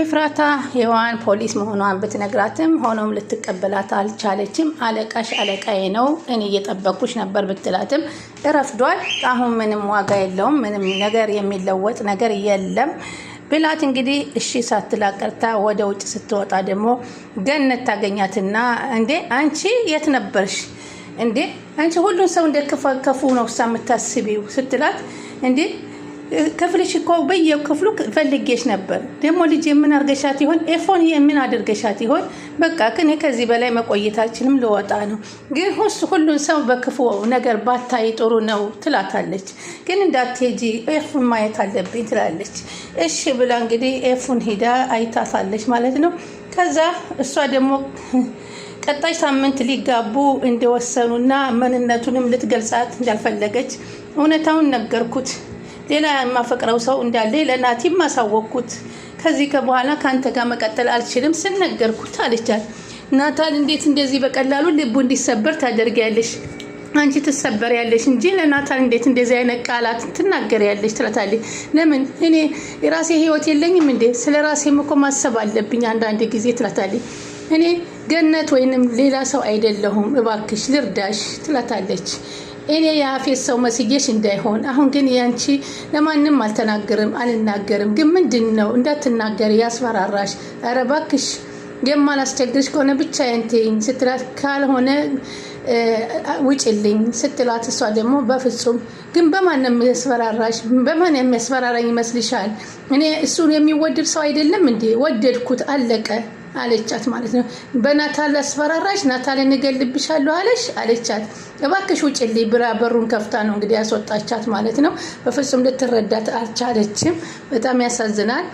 ኤፍራታ የዋን ፖሊስ መሆኗን ብትነግራትም ሆኖም ልትቀበላት አልቻለችም። አለቃሽ አለቃዬ ነው፣ እኔ እየጠበኩሽ ነበር ብትላትም እረፍዷል፣ አሁን ምንም ዋጋ የለውም፣ ምንም ነገር የሚለወጥ ነገር የለም ብላት እንግዲህ እሺ ሳትላቀርታ ወደ ውጭ ስትወጣ ደግሞ ገነት ታገኛትና እንዴ አንቺ የት ነበርሽ? እንዴ አንቺ ሁሉን ሰው እንደ ክፉ ነው እሷ የምታስቢው ስትላት እንዴ ክፍልሽ እኮ በየክፍሉ ፈልጌሽ ነበር። ደግሞ ልጅ የምን አድርገሻት ይሆን? ኤፎን የምን አድርገሻት ይሆን? በቃ እኔ ከዚህ በላይ መቆየት አልችልም፣ ልወጣ ነው። ግን ሁሉን ሰው በክፉ ነገር ባታይ ጥሩ ነው ትላታለች። ግን እንዳትሄጂ ኤፉን ማየት አለብኝ ትላለች። እሺ ብላ እንግዲህ ኤፉን ሂዳ አይታታለች ማለት ነው። ከዛ እሷ ደግሞ ቀጣይ ሳምንት ሊጋቡ እንደወሰኑና ምንነቱንም ልትገልጻት እንዳልፈለገች እውነታውን ነገርኩት ሌላ የማፈቅረው ሰው እንዳለ ለናቲም ማሳወቅኩት ከዚህ ከበኋላ ከአንተ ጋር መቀጠል አልችልም ስነገርኩት ነገርኩት አለቻት። ናታል እንዴት እንደዚህ በቀላሉ ልቡ እንዲሰበር ታደርጊያለሽ? አንቺ ያለሽ እንጂ ለናታል እንዴት እንደዚህ አይነት ቃላት ያለሽ ትላታለች። ለምን እኔ የራሴ ህይወት የለኝም እንዴ? ስለ ራሴ እኮ ማሰብ አለብኝ አንዳንድ ጊዜ ትላታለች። እኔ ገነት ወይንም ሌላ ሰው አይደለሁም፣ እባክሽ ልርዳሽ ትላታለች። እኔ የአፌት ሰው መስዬሽ እንዳይሆን አሁን ግን ያንቺ ለማንም አልተናገርም አልናገርም። ግን ምንድን ነው እንዳትናገር ያስፈራራሽ? ኧረ እባክሽ የማላስቸግርሽ ከሆነ ብቻ የንቴኝ ስትላት ካልሆነ ውጭልኝ ስትላት እሷ ደግሞ በፍጹም ግን በማን ነው የሚያስፈራራሽ? በማን የሚያስፈራራኝ ይመስልሻል? እኔ እሱን የሚወድድ ሰው አይደለም እንዴ? ወደድኩት አለቀ። አለቻት ማለት ነው። በናታል አስፈራራች። ናታል እንገልብሻለሁ አለሽ አለቻት። እባክሽ ውጭልኝ ብራ በሩን ከፍታ ነው እንግዲህ ያስወጣቻት ማለት ነው። በፍጹም ልትረዳት አልቻለችም። በጣም ያሳዝናል።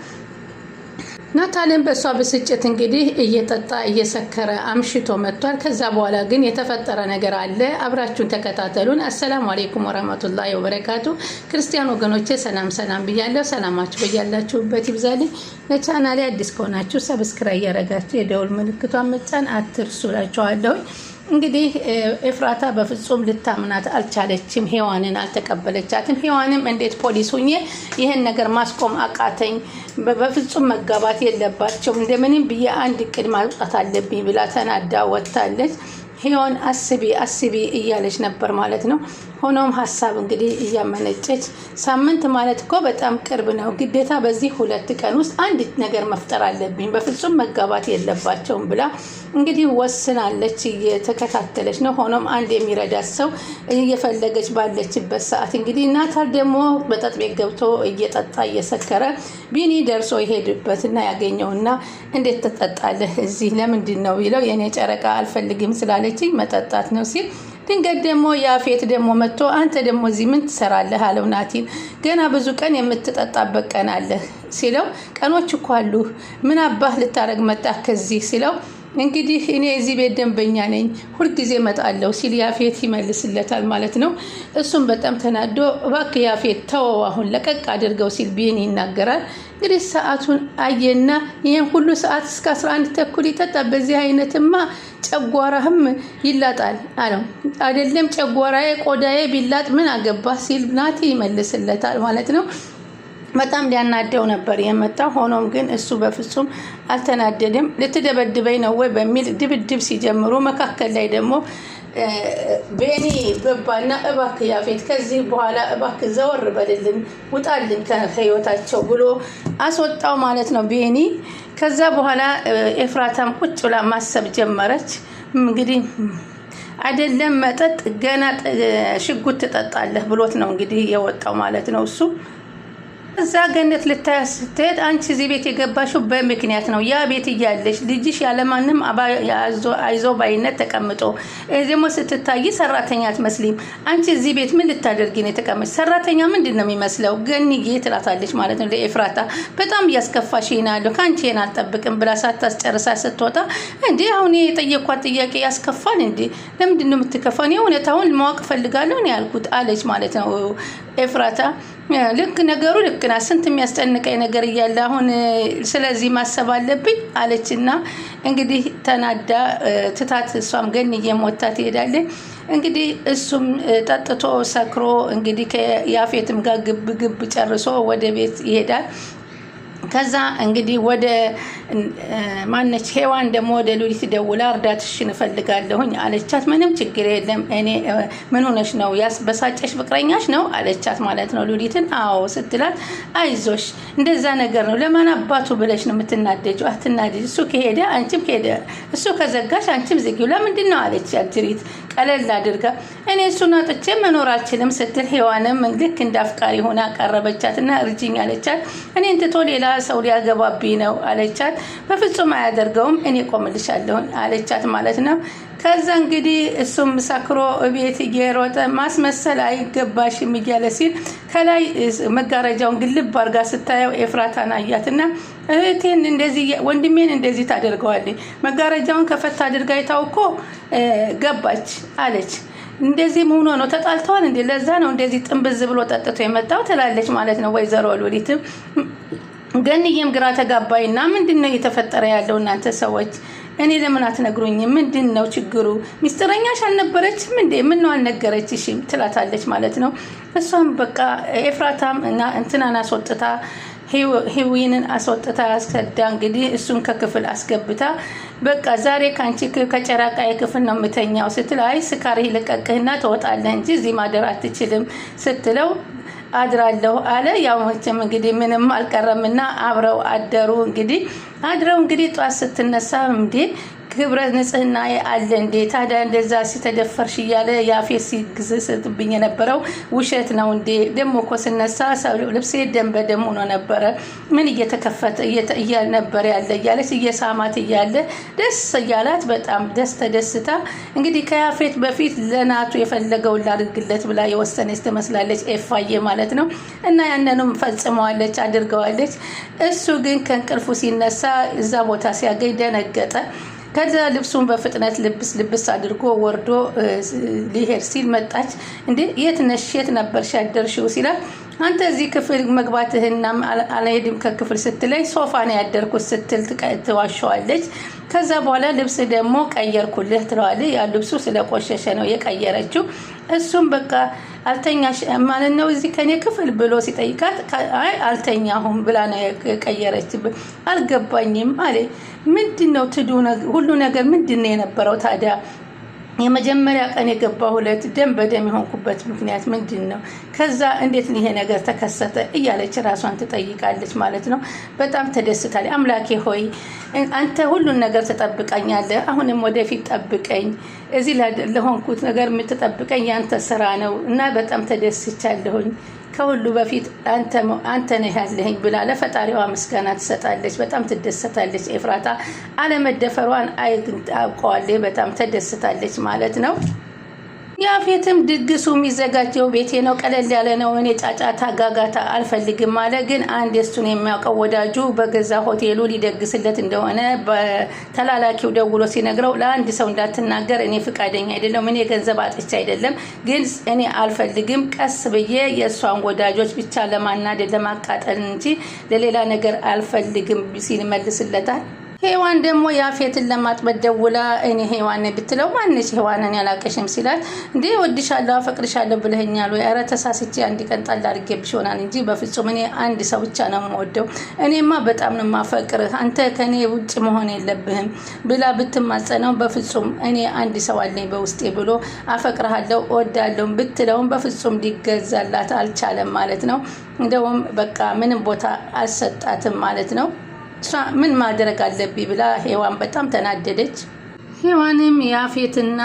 ናታልን በእሷ ብስጭት እንግዲህ እየጠጣ እየሰከረ አምሽቶ መጥቷል። ከዛ በኋላ ግን የተፈጠረ ነገር አለ። አብራችሁን ተከታተሉን። አሰላሙ አሌይኩም ወረህመቱላሂ ወበረካቱ። ክርስቲያን ወገኖቼ ሰላም ሰላም ብያለሁ። ሰላማችሁ በያላችሁበት ይብዛልኝ። ለቻናሌ አዲስ ከሆናችሁ ሰብስክራይብ እያረጋችሁ የደውል ምልክቷን መጫን አትርሱ እላችኋለሁ። እንግዲህ ኤፍራታ በፍጹም ልታምናት አልቻለችም። ሔዋንን አልተቀበለቻትም። ሔዋንም እንዴት ፖሊስ ሁኜ ይህን ነገር ማስቆም አቃተኝ፣ በፍጹም መጋባት የለባቸውም፣ እንደምንም ብዬ አንድ እቅድ ማውጣት አለብኝ ብላ ተናዳ ወጥታለች። ሄዮን አስቢ አስቢ እያለች ነበር ማለት ነው። ሆኖም ሀሳብ እንግዲህ እያመነጨች ሳምንት ማለት እኮ በጣም ቅርብ ነው፣ ግዴታ በዚህ ሁለት ቀን ውስጥ አንድ ነገር መፍጠር አለብኝ፣ በፍጹም መጋባት የለባቸውም ብላ እንግዲህ ወስናለች። እየተከታተለች ነው። ሆኖም አንድ የሚረዳት ሰው እየፈለገች ባለችበት ሰዓት እንግዲህ ናታል ደግሞ መጠጥ ቤት ገብቶ እየጠጣ እየሰከረ ቢኒ ደርሶ እና ያገኘውና እንዴት ትጠጣለህ እዚህ ለምንድን ነው ቢለው የኔ ጨረቃ አልፈልግም ስላለ ያለችኝ መጠጣት ነው ሲል ድንገት ደግሞ የአፌት ደግሞ መጥቶ አንተ ደግሞ እዚህ ምን ትሰራለህ? አለው ናቲን። ገና ብዙ ቀን የምትጠጣበት ቀን አለህ ሲለው ቀኖች እኮ አሉ ምን አባህ ልታደረግ መጣህ ከዚህ ሲለው እንግዲህ እኔ እዚህ ቤት ደንበኛ ነኝ፣ ሁልጊዜ መጣለው ሲል ያፌት ይመልስለታል ማለት ነው። እሱም በጣም ተናዶ እባክህ ያፌት ተወው፣ አሁን ለቀቅ አድርገው ሲል ቢኒ ይናገራል። እንግዲህ ሰዓቱን አየና ይህን ሁሉ ሰዓት እስከ 11 ተኩል ይጠጣ፣ በዚህ አይነትማ ጨጓራህም ይላጣል አለው። አይደለም ጨጓራዬ ቆዳዬ ቢላጥ ምን አገባ ሲል ናቲ ይመልስለታል ማለት ነው። በጣም ሊያናደው ነበር የመጣ። ሆኖም ግን እሱ በፍጹም አልተናደድም። ልትደበድበኝ ነው ወይ በሚል ድብድብ ሲጀምሩ መካከል ላይ ደግሞ ቤኒ ብባና እባክ ያፌት ከዚህ በኋላ እባክ ዘወር በልልን ውጣልን ከህይወታቸው ብሎ አስወጣው ማለት ነው ቤኒ። ከዛ በኋላ ኤፍራታም ቁጭ ብላ ማሰብ ጀመረች። እንግዲህ አይደለም መጠጥ ገና ሽጉት ትጠጣለህ ብሎት ነው እንግዲህ የወጣው ማለት ነው እሱ እዛ ገነት ልታያት ስትሄድ አንቺ እዚህ ቤት የገባሽው በምክንያት ነው። ያ ቤት እያለሽ ልጅሽ ያለማንም አይዞ ባይነት ተቀምጦ ደግሞ ስትታይ ሰራተኛ አትመስሊም። አንቺ እዚህ ቤት ምን ልታደርጊ ነው የተቀመጥሽ? ሰራተኛ ምንድን ነው የሚመስለው? ገንዬ ትላታለች ማለት ነው ለኤፍራታ። በጣም እያስከፋሽ ይናለሁ ከአንቺ ይሄን አልጠብቅም ብላ ሳታስጨርሳ ስትወጣ፣ እንዴ አሁን የጠየኳት ጥያቄ ያስከፋል እንዴ? ለምንድን ነው የምትከፋ? እውነት አሁን ማወቅ እፈልጋለሁ ያልኩት አለች ማለት ነው ኤፍራታ ልክ ነገሩ ልክ ናት። ስንት የሚያስጨንቀኝ ነገር እያለ አሁን ስለዚህ ማሰብ አለብኝ አለች እንግዲህ ተናዳ ትታት እሷም ገን እየሞታ ትሄዳለች። እንግዲህ እሱም ጠጥቶ ሰክሮ እንግዲህ ከያፌትም ጋር ግብ ግብ ጨርሶ ወደ ቤት ይሄዳል። ከዛ እንግዲህ ወደ ማነች ሄዋን ደግሞ ወደ ሉሊት ደውላ እርዳትሽን እፈልጋለሁኝ አለቻት። ምንም ችግር የለም እኔ ምን ሆነሽ ነው ያስበሳጨሽ ፍቅረኛሽ ነው አለቻት ማለት ነው ሉሊትን። አዎ ስትላት አይዞሽ እንደዛ ነገር ነው ለማን አባቱ ብለሽ ነው የምትናደጁ? አትናደጅ። እሱ ከሄደ አንቺም ከሄደ እሱ ከዘጋሽ አንቺም ዝጊው። ለምንድን ነው አለች አጅሪት ቀለል አድርገ እኔ እሱን አጥቼ መኖር አልችልም ስትል ሔዋንም ልክ እንደ አፍቃሪ ሆና አቀረበቻትና እርጅኝ አለቻት። እኔ እንትቶ ሌላ ሰው ሊያገባብኝ ነው አለቻት። በፍጹም አያደርገውም እኔ ቆምልሻለሁን አለቻት ማለት ነው። ከዛ እንግዲህ እሱም ሰክሮ ቤት እየሮጠ ማስመሰል አይገባሽም እያለ ሲል ከላይ መጋረጃውን ግልብ አድርጋ ስታየው ኤፍራታን አያትና እህቴን እንደዚህ ወንድሜን እንደዚህ ታደርገዋለች፣ መጋረጃውን ከፈት አድርጋ ይታው እኮ ገባች አለች። እንደዚህ ሆኖ ነው ተጣልተዋል እንዴ? ለዛ ነው እንደዚህ ጥንብዝ ብሎ ጠጥቶ የመጣው ትላለች ማለት ነው ወይዘሮ ሉሊትም ገንዬም ግራ ተጋባይና ምንድን ነው እየተፈጠረ ያለው እናንተ ሰዎች እኔ ለምን አትነግሩኝ? ምንድን ነው ችግሩ? ሚስጥረኛሽ አልነበረችም እንዴ? ምን ነው አልነገረችሽም? ትላታለች ማለት ነው። እሷም በቃ ኤፍራታም እና እንትናን አስወጥታ ህዊንን አስወጥታ ያስከዳ እንግዲህ እሱን ከክፍል አስገብታ በቃ ዛሬ ከአንቺ ከጨራቃ ክፍል ነው የምተኛው ስትለው፣ አይ ስካሪ ልቀቅህና ትወጣለህ እንጂ እዚህ ማደር አትችልም ስትለው አድራለሁ አለ። ያው መቼም እንግዲህ ምንም አልቀረምና አብረው አደሩ። እንግዲህ አድረው እንግዲህ ጧት ስትነሳ እንዴ ክብረ ንጽህና አለ እንዴ? ታዲያ እንደዛ ሲተደፈርሽ እያለ የአፌ ሲግዝ የነበረው ውሸት ነው እንዴ? ደግሞ እኮ ስነሳ ልብሴ ደም በደም ሆኖ ነበረ። ምን እየተከፈተ እያልነበረ ያለ እያለች እየሳማት እያለ ደስ እያላት በጣም ደስ ተደስታ እንግዲህ ከያፌት በፊት ለናቱ የፈለገውን ላድርግለት ብላ የወሰነች ትመስላለች። ኤፋዬ ማለት ነው። እና ያንንም ፈጽመዋለች፣ አድርገዋለች። እሱ ግን ከእንቅልፉ ሲነሳ እዛ ቦታ ሲያገኝ ደነገጠ። ከዛ ልብሱን በፍጥነት ልብስ ልብስ አድርጎ ወርዶ ሊሄድ ሲል መጣች። እንዴ የት ነሽ? የት ነበርሽ ያደርሽው ሲላል አንተ እዚህ ክፍል መግባትህና አልሄድም ከክፍል ስትለኝ ሶፋ ነው ያደርኩት ስትል ትዋሸዋለች። ከዛ በኋላ ልብስ ደግሞ ቀየርኩልህ ትለዋለች። ያ ልብሱ ስለቆሸሸ ነው የቀየረችው። እሱም በቃ አልተኛሽ ማለት ነው እዚህ ከኔ ክፍል ብሎ ሲጠይቃት አይ አልተኛሁም ብላ ነው የቀየረችብን። አልገባኝም አለ። ምንድን ነው ትዱ ሁሉ ነገር ምንድን ነው የነበረው ታዲያ የመጀመሪያ ቀን ሁለት ደም በደም የሆንኩበት ምክንያት ምንድን ነው? ከዛ እንዴት ይሄ ነገር ተከሰተ? እያለች ራሷን ትጠይቃለች ማለት ነው። በጣም ተደስታለች። አምላኬ ሆይ አንተ ሁሉን ነገር ትጠብቀኛለህ። አሁንም ወደፊት ጠብቀኝ። እዚህ ለሆንኩት ነገር የምትጠብቀኝ ያንተ ስራ ነው እና በጣም ተደስቻለሁኝ። ከሁሉ በፊት አንተ ነህ ያለኝ ብላ ለፈጣሪዋ ምስጋና ትሰጣለች። በጣም ትደሰታለች። ኤፍራታ አለመደፈሯን አውቀዋለች። በጣም ተደስታለች ማለት ነው። ያፌትም ድግሱ የሚዘጋጀው ቤቴ ነው፣ ቀለል ያለ ነው፣ እኔ ጫጫታ ጋጋታ አልፈልግም አለ። ግን አንድ እሱን የሚያውቀው ወዳጁ በገዛ ሆቴሉ ሊደግስለት እንደሆነ በተላላኪው ደውሎ ሲነግረው ለአንድ ሰው እንዳትናገር፣ እኔ ፍቃደኛ አይደለም፣ እኔ ገንዘብ አጥቼ አይደለም፣ ግን እኔ አልፈልግም፣ ቀስ ብዬ የእሷን ወዳጆች ብቻ ለማናደድ ለማቃጠል እንጂ ለሌላ ነገር አልፈልግም ሲል መልስለታል። ሄዋን ደግሞ ያፌትን ለማጥመድ ደውላ እኔ ሄዋን ብትለው ማነች ሄዋንን ያላቀሽም ሲላት እንዴ ወድሻለሁ፣ አፈቅድሻለሁ ብለኸኛል ወይ? ኧረ ተሳስቼ አንድ ቀን ጣል አድርጌብሽ ይሆናል እንጂ በፍጹም እኔ አንድ ሰው ብቻ ነው የምወደው። እኔማ በጣም ነው የማፈቅርህ፣ አንተ ከእኔ ውጭ መሆን የለብህም ብላ ብትማጸነው በፍጹም እኔ አንድ ሰው አለኝ በውስጤ ብሎ አፈቅርሃለሁ፣ እወዳለሁ ብትለውም በፍጹም ሊገዛላት አልቻለም ማለት ነው። እንደውም በቃ ምንም ቦታ አልሰጣትም ማለት ነው። እሷ ምን ማድረግ አለብኝ ብላ ሔዋን በጣም ተናደደች። ሔዋንም የአፌትና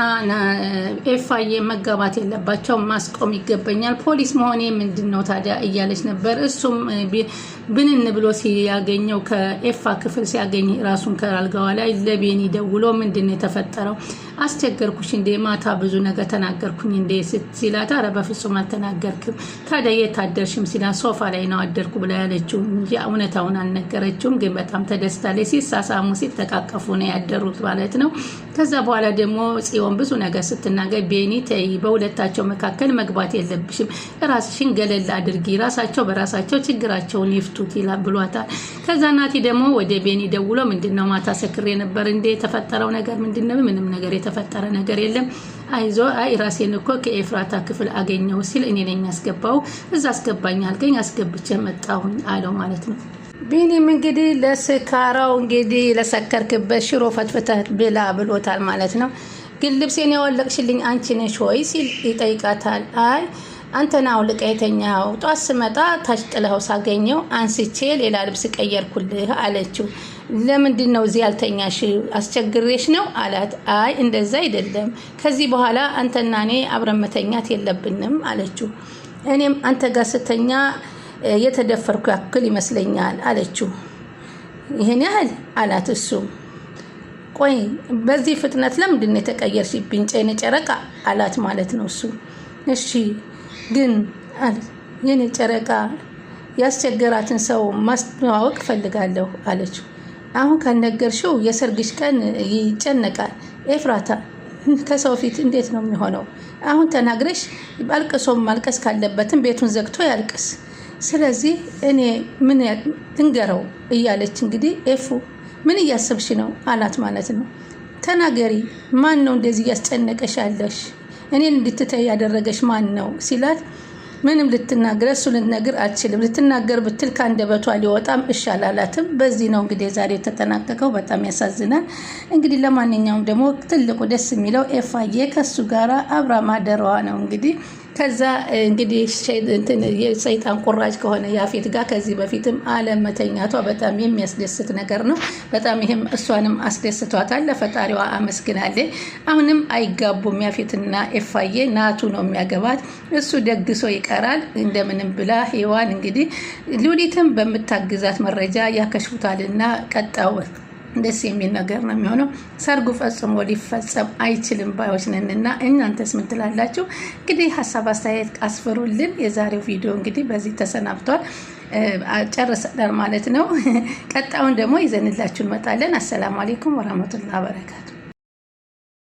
ኤፋዬ መጋባት የለባቸው ማስቆም ይገባኛል፣ ፖሊስ መሆኔ ምንድን ነው ታዲያ እያለች ነበር። እሱም ብንን ብሎ ሲያገኘው ከኤፋ ክፍል ሲያገኝ ራሱን ከአልጋዋ ላይ ለቤኒ ደውሎ ምንድን ነው የተፈጠረው አስቸገርኩሽ እንዴ? ማታ ብዙ ነገር ተናገርኩኝ እንዴ? ሲላት አረ በፍጹም አልተናገርክም። ታዲያ የት አደርሽም? ሲላት ሶፋ ላይ ነው አደርኩ ብላ ያለችው እንጂ እውነታውን አልነገረችውም። ግን በጣም ተደስታለች። ሲሳሳሙ ሲተቃቀፉ ነው ያደሩት ማለት ነው። ከዛ በኋላ ደግሞ ጽዮን ብዙ ነገር ስትናገር ቤኒ ተይ፣ በሁለታቸው መካከል መግባት የለብሽም። ራስሽን ገለል አድርጊ። ራሳቸው በራሳቸው ችግራቸውን ይፍቱት ብሏታል። ከዛ ናቲ ደግሞ ወደ ቤኒ ደውሎ ምንድነው ማታ ሰክሬ ነበር እንዴ? የተፈጠረው ነገር ምንድነው? ምንም ነገር የተፈጠረ ነገር የለም። አይዞ አይ ራሴን እኮ ከኤፍራታ ክፍል አገኘው ሲል እኔ ነኝ ያስገባው እዛ አስገባኝ አልገኝ አስገብቼ መጣሁኝ አለው ማለት ነው። ቢኒም እንግዲህ ለስካራው እንግዲህ ለሰከርክበት ሽሮ ፈትፍተህ ብላ ብሎታል ማለት ነው። ግን ልብሴን ያወለቅሽልኝ አንቺ ነሽ ወይ ሲል ይጠይቃታል። አይ አንተን አውልቀ የተኛው ጧት ስመጣ ታች ጥለኸው ሳገኘው አንስቼ ሌላ ልብስ ቀየርኩልህ አለችው። ለምንድን ነው እዚህ ያልተኛሽ? አስቸግሬሽ ነው አላት። አይ እንደዛ አይደለም፣ ከዚህ በኋላ አንተና እኔ አብረን መተኛት የለብንም አለችው። እኔም አንተ ጋር ስተኛ የተደፈርኩ ያክል ይመስለኛል አለችው። ይህን ያህል አላት። እሱም ቆይ በዚህ ፍጥነት ለምንድን ነው የተቀየርሽብኝ? ጨነ ጨረቃ አላት ማለት ነው እሱ እሺ ግን አለ የኔ ጨረቃ ያስቸገራትን ሰው ማስተዋወቅ እፈልጋለሁ አለችው። አሁን ካልነገርሽው የሰርግሽ ቀን ይጨነቃል። ኤፍራታ ከሰው ፊት እንዴት ነው የሚሆነው? አሁን ተናግረሽ አልቅሶም ማልቀስ ካለበትም ቤቱን ዘግቶ ያልቅስ። ስለዚህ እኔ ምን እንገረው እያለች እንግዲህ ኤፉ ምን እያሰብሽ ነው አላት ማለት ነው። ተናገሪ፣ ማን ነው እንደዚህ እያስጨነቀሽ ያለሽ? እኔን እንድትተይ ያደረገች ማን ነው ሲላት ምንም ልትናገር እሱ ልትነግር አትችልም። ልትናገር ብትል ከአንደበቷ ሊወጣም እሺ አላላትም። በዚህ ነው እንግዲህ ዛሬ የተጠናቀቀው። በጣም ያሳዝናል። እንግዲህ ለማንኛውም ደግሞ ትልቁ ደስ የሚለው ኤፋዬ ከሱ ጋራ አብራ ማደሯዋ ነው እንግዲህ ከዛ እንግዲህ የሰይጣን ቁራጭ ከሆነ ያፌት ጋር ከዚህ በፊትም አለመተኛቷ በጣም የሚያስደስት ነገር ነው። በጣም ይህም እሷንም አስደስቷታል። ለፈጣሪዋ አመስግናለ። አሁንም አይጋቡም። ያፌትና ኤፋዬ ናቱ ነው የሚያገባት። እሱ ደግሶ ይቀራል። እንደምንም ብላ ሔዋን እንግዲህ ሉሊትም በምታግዛት መረጃ ያከሽፉታልና ቀጣው ደስ የሚል ነገር ነው የሚሆነው። ሰርጉ ፈጽሞ ሊፈጸም አይችልም ባዮች ነን እና እናንተስ ምን ትላላችሁ? እንግዲህ ሀሳብ አስተያየት አስፍሩልን። የዛሬው ቪዲዮ እንግዲህ በዚህ ተሰናብቷል፣ ጨርሰናል ማለት ነው። ቀጣዩን ደግሞ ይዘንላችሁ እንመጣለን። አሰላሙ አሌይኩም ወራህመቱላ በረካቱ